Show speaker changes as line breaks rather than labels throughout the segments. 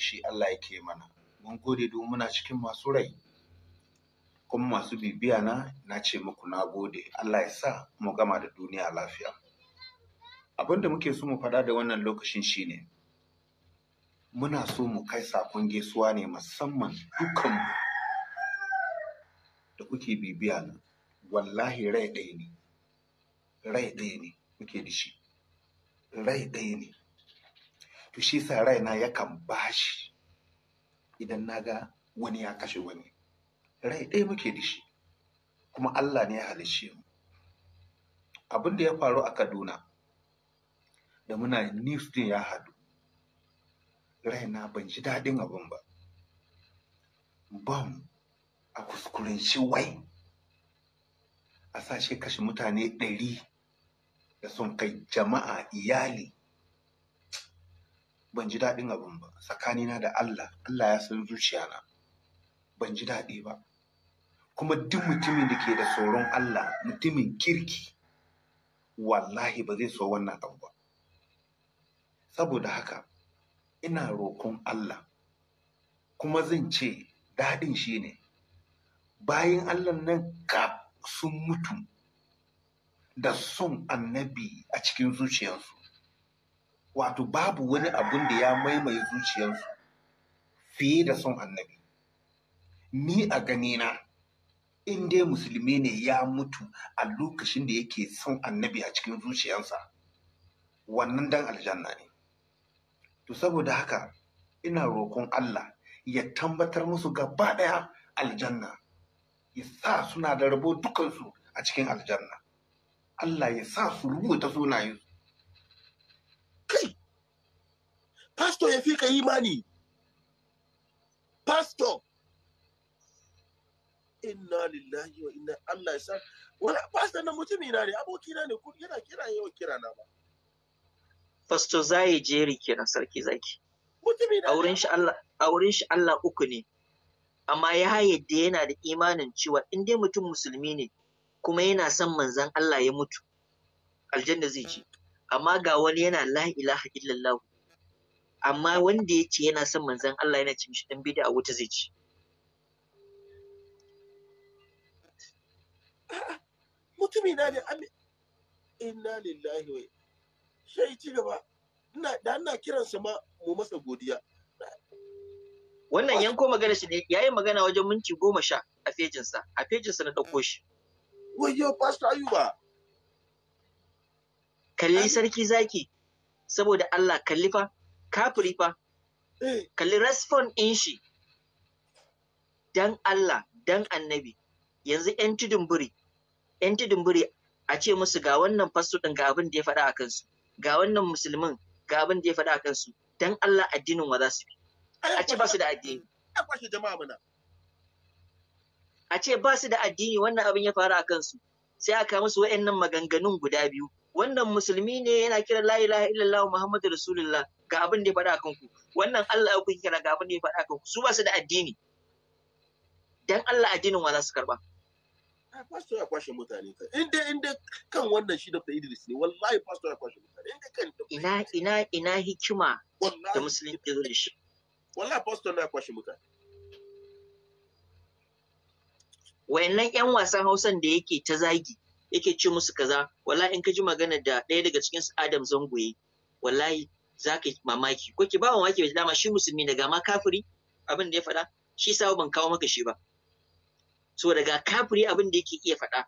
shi Allah yake mana mun gode don muna cikin masu rai kuma masu bibiya na na ce muku na gode Allah ya sa mu gama da duniya lafiya Abin da muke so mu faɗa da wannan lokacin shine muna so mu kai sakon gaisuwa ne musamman dukanmu da kuke bibiya na wallahi rai ɗaya ne rai ɗaya ne muke da shi rai ɗaya ne to shi sa raina yakan bashi idan na ga wani ya kashe wani rai ɗaya muke da shi kuma Allah ne ya halicce mu abin da ya faru a Kaduna da muna news din ya rai raina ban ji daɗin abin ba bam a kuskuren shi wai a sashe kashe mutane ɗari da sun kai jama'a iyali ban ji daɗin abin ba tsakanina da Allah Allah ya san zuciyana ban ji daɗi ba kuma duk mutumin da ke da tsoron Allah mutumin kirki wallahi ba zai so wannan abu ba saboda haka ina roƙon Allah kuma zan ce daɗin shi ne bayan Allah nan ka sun mutu da son annabi a cikin zuciyarsu wato babu wani abun da ya maimaye zuciyarsu fiye da son annabi ni a ganina in dai musulmi ne ya mutu a lokacin da yake son annabi a cikin zuciyarsa wannan dan aljanna ne to saboda haka ina roƙon Allah ya tambatar musu gaba ɗaya aljanna ya sa suna da rabo dukansu a cikin aljanna Allah ya sa su rubuta sunayensu pastor ya fi ka imani pastor inna lillahi wa inna Allah ya sa wala pastor na mutum ina ne aboki na ne yana kira yau kira na ba
pastor zai jeri kira sarki zaki
mutum ina auren
shi Allah auren shi Allah uku ne amma ya yadda yana da imanin cewa in dai mutum musulmi ne kuma yana son manzan Allah ya mutu aljanna zai ci amma ga wani yana la ilaha illallah amma wanda ya ce yana son manzan Allah yana cin shi dan bid'a wuta zai ci
mutumi na ne inna lillahi wa sai ci gaba ina da ina kiransa ma mu masa godiya
wannan yanko magana shi ne yi magana wajen minti goma sha a fejinsa a fejinsa na ɗauko shi Wajen pastor ayuba kalli sarki zaki saboda Allah kalli fa kafiri fa mm. kalli respon in shi dan Allah dan annabi yanzu yan tudumburi yan tudumburi a ce musu ga wannan fasto din ga abin da ya faɗa a kansu ga wannan musulmin ga abin da ya faɗa a kansu dan Allah addinin wa za su bi a ce ba su da addini mm, a ce ba su da addini wannan abin ya faru a kansu sai aka musu wa'annan maganganun guda biyu wannan musulmi ne yana kiran la ilaha illallah muhammadu rasulullah ga abin da ya faɗa kanku wannan Allah ya kuke kira ga abin da ya faɗa kanku su ba su da addini dan Allah addinin wa za su karba
pastor ya kwashe mutane ka inda inda kan wannan shi da Idris ne wallahi pastor ya kwashe mutane inda
dai kan ina ina ina hikima
da musulunci ke zo da shi wallahi pastor ya kwashe mutane wayannan
yan wasan Hausan da yake ta zagi yake ce musu kaza wallahi in ka ji magana da ɗaya daga cikin su Adam Zangoye wallahi za ka yi mamaki ko ki ba mamaki bai dama shi musulmi daga ma kafiri abin da ya faɗa shi sa ban kawo maka shi ba so daga kafiri abin da yake iya faɗa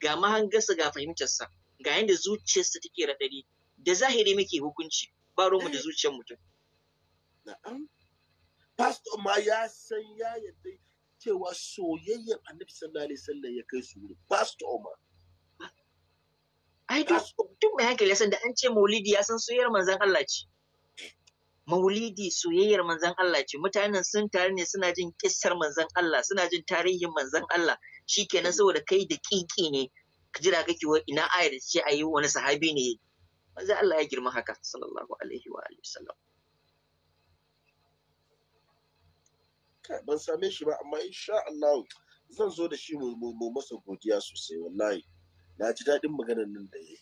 ga mahangarsa ga fahimtarsa ga yadda zuciyarsa take raɗaɗi da zahiri muke hukunci ba mu da zuciyar mutum
pastor ma ya san ya yarda cewa soyayyar annabi sallallahu alaihi wasallam ya kai su wurin pastor ma ai ah. duk mai
hankali san da an ce maulidi ya san soyayyar manzon Allah ce maulidi soyayyar manzon Allah ce mutanen sun tare ne suna jin kissar manzon Allah suna jin tarihin manzon Allah shikenan saboda kai da kiki ne jira kake wa ina ayar ce ayi wani sahabi ne
manzon Allah ya girma haka sallallahu alaihi wa alihi wasallam ban same shi ba amma insha Allah zan zo da shi mu masa godiya sosai wallahi na ji daɗin maganar nan da ya yi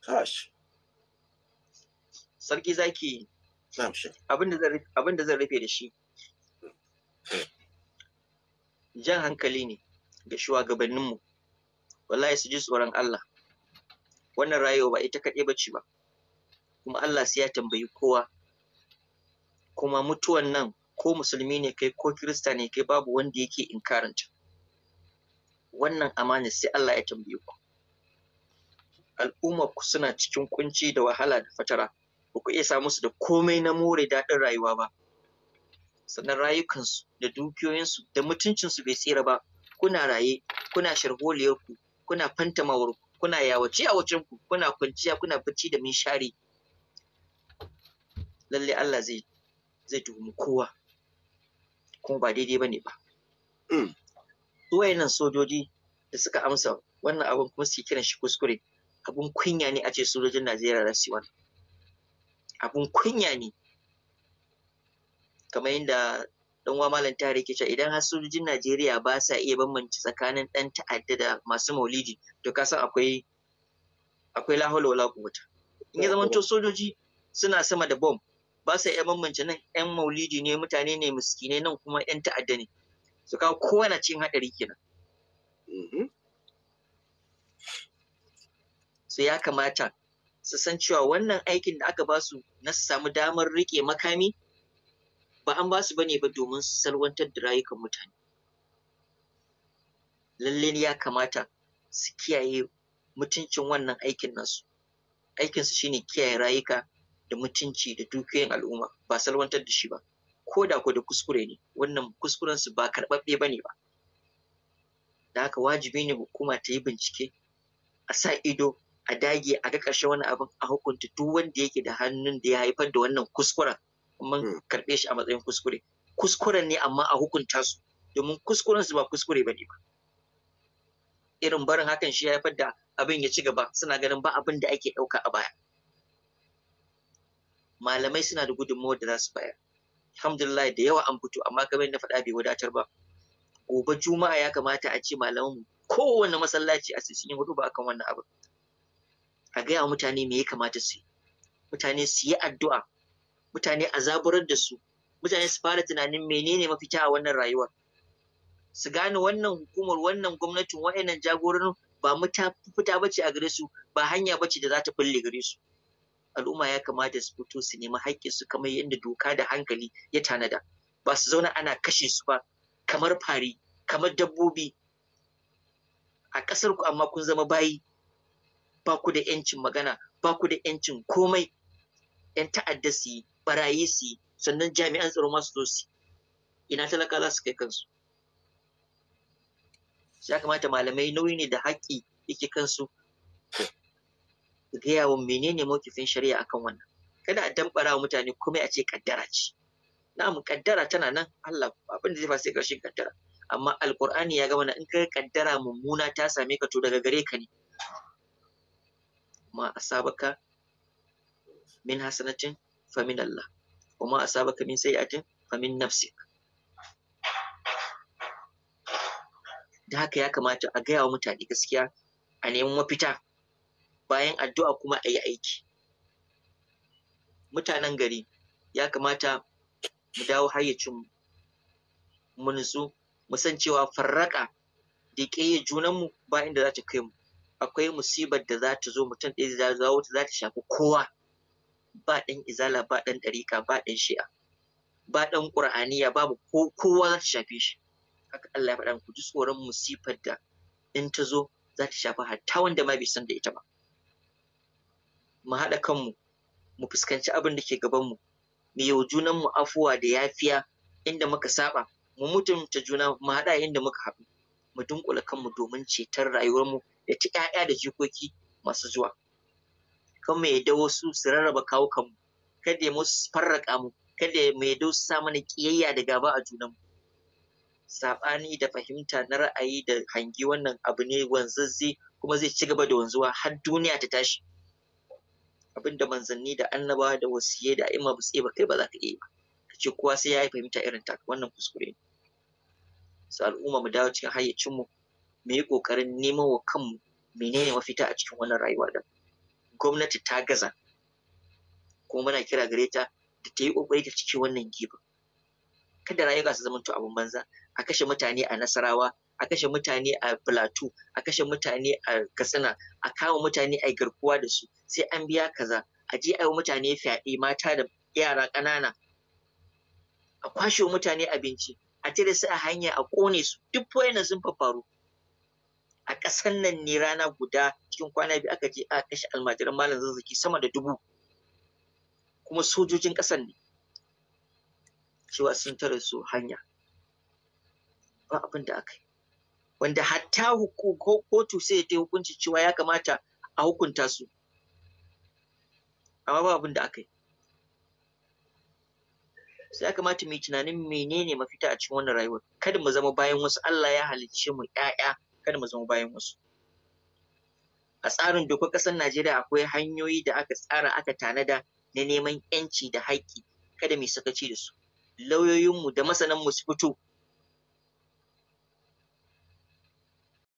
kash sarki zaki
abin Abinda zan rufe da shi jan hankali ne ga shugabanninmu wallahi su ji tsoron Allah wannan rayuwa ba ita kaɗai ce ba kuma Allah sai ya tambayi kowa kuma mutuwan nan ko musulmi ne kai ko kirista ne kai babu wanda yake inkaranta wannan amana sai Allah ya tambaye ku Al'umma ku suna cikin kunci da wahala da fatara ba ku iya samu su da komai na more daɗin rayuwa ba sannan rayukansu da dukiyoyinsu da mutuncinsu bai tsira ba kuna raye kuna sharholiyarku kuna fantamawar kuna yawace yawacen ku kuna kwanciya kuna bacci da min share. lalle Allah zai zai tuhumi kowa kuma ba daidai bane ba mm. nan sojoji da suka amsa wannan abin kuma su kiran shi kuskure abin kunya ne a ce sojojin Najeriya za su yi wannan abin kunya ne kamar yadda dan uwa malam tare ke cewa idan har sojojin Najeriya ba sa iya bambance tsakanin dan ta'adda da masu maulidi to ka san akwai akwai lahola wala kuwata in ya zama to sojoji suna sama da bom ba sa iya bambance nan yan maulidi ne mutane ne miskine nan kuma yan ta'adda ne su kawo kowane cin haɗari kenan mm-hmm. su ya kamata su san cewa wannan aikin da aka ba su na su samu damar riƙe makami ba an ba su ba ne ba domin su salwantar da rayukan mutane lalle ya kamata su kiyaye mutuncin wannan aikin nasu aikinsu shine kiyaye rayuka da mutunci da dukiyoyin al'umma ba salwantar da shi ba ko da ko da kuskure ne wannan kuskuren su ba karɓaɓɓe bane ba da haka wajibi ne hukuma ta yi bincike a sa ido a dage a ga ƙarshen wani abin a hukunta duk wanda yake da hannun da ya haifar da wannan kuskuren mun hmm. karɓe shi a matsayin kuskure kuskuren ne amma a hukunta su domin kuskuren su ba kuskure bane ba irin barin hakan shi ya haifar da abin ya ci gaba suna ganin ba abin da ake ɗauka a baya malamai suna da gudunmawar da za su bayar alhamdulillah da yawa an fito amma kamar na faɗa bai wadatar ba gobe juma'a ya kamata a ce malaman Kowanne masallaci a cikin hudu ba akan wannan abu a gaya mutane me ya kamata su yi mutane su yi addu'a mutane a zaburar da su mutane su fara tunanin menene mafita a wannan rayuwa su gane wannan hukumar wannan gwamnatin wa'annan jagoran ba mafita bace a gare su ba hanya bace da za ta bulle gare su al'umma ya kamata su fito su nemi haƙƙin su kamar yadda doka da hankali ya tanada ba su zauna ana kashe su ba kamar fari kamar dabbobi a ƙasar ku amma kun zama bayi ba ku da yancin magana ba ku da yancin komai yan ta'adda su yi barayi su yi sannan jami'an tsaro masu zo su ina talaka za su kai kansu ya kamata malamai nauyi ne da haƙƙi yake kansu gaya wa menene mawkifin shari'a akan wannan kada a dambara wa mutane komai a ce kaddara ce na'am kaddara tana nan Allah abin da zai faru sai karshen kaddara amma alqur'ani ya gama in ka kaddara mummuna ta same ka to daga gare ka ne ma asabaka min hasanatin fa min Allah kuma asabaka min sayyi'atin fa min nafsik da haka ya kamata a gaya wa mutane gaskiya a neman mafita bayan addu'a kuma a yi aiki mutanen gari ya kamata mu dawo hayyacin mu nutsu mu san cewa farraka da ƙeye junanmu ba inda za ta kai mu akwai musibar da za ta zo mutum ɗaya za ta za ta shafi kowa ba ɗan izala ba ɗan ɗariƙa ba ɗan shi'a ba ɗan ƙur'aniya babu ko kowa za ta shafe shi haka Allah ya faɗa ku ji tsoron musibar da in ta zo za ta shafi hatta wanda ma bai san da ita ba mu haɗa kanmu mu fuskanci abin da ke gabanmu mu yau junanmu afuwa da yafiya inda muka saba mu mutunta juna mu haɗa inda muka haɗu mu dunkula kanmu domin ceton rayuwarmu da ta 'ya'ya da jikoki masu zuwa kan mu yadda wasu su rarraba kawo kanmu kada ya musu farraka mu kada mu yadda wasu sa mana ƙiyayya da gaba a junanmu saɓani da fahimta na ra'ayi da hangi wannan abu ne wanzazze kuma zai ci gaba da wanzuwa har duniya ta tashi abinda manzanni da annabawa da wasiye da a'imma ba su iya ba kai ba za ka iya ba ce kowa sai ya yi fahimta irin ta wannan kuskure ne su al'umma mu dawo cikin hayyacin mu mu yi kokarin neman wa kanmu menene mafita a cikin wannan rayuwa da gwamnati ta gaza kuma muna kira gare ta da ta yi kokari ta cike wannan giba kada rayuwa su zamanto abin banza a kashe mutane a nasarawa a kashe mutane a plateau a kashe mutane a katsina a kama mutane a garkuwa da su sai an biya kaza a je a yi mutane fyaɗe mata da yara ƙanana a kwashe mutane abinci a tare su a hanya a ƙone su duk wayannan sun faru a ƙasar nan ne rana guda cikin kwana biyu aka je a kashe almajiran malam zazzaki sama da dubu kuma sojojin ƙasar ne cewa sun tare su hanya ba abin da aka yi wanda hatta kotu sai ta hukunci cewa ya kamata a hukunta su amma ba abin da aka yi sai ya kamata mu yi tunanin menene mafita a cikin wannan rayuwar kada mu zama bayan wasu Allah ya halicce mu 'ya'ya. kada mu zama bayan wasu a tsarin dokar ƙasar Najeriya akwai hanyoyi da aka tsara aka tanada na neman 'yanci da haƙƙi kada mu sakaci da su lauyoyinmu da masananmu su fito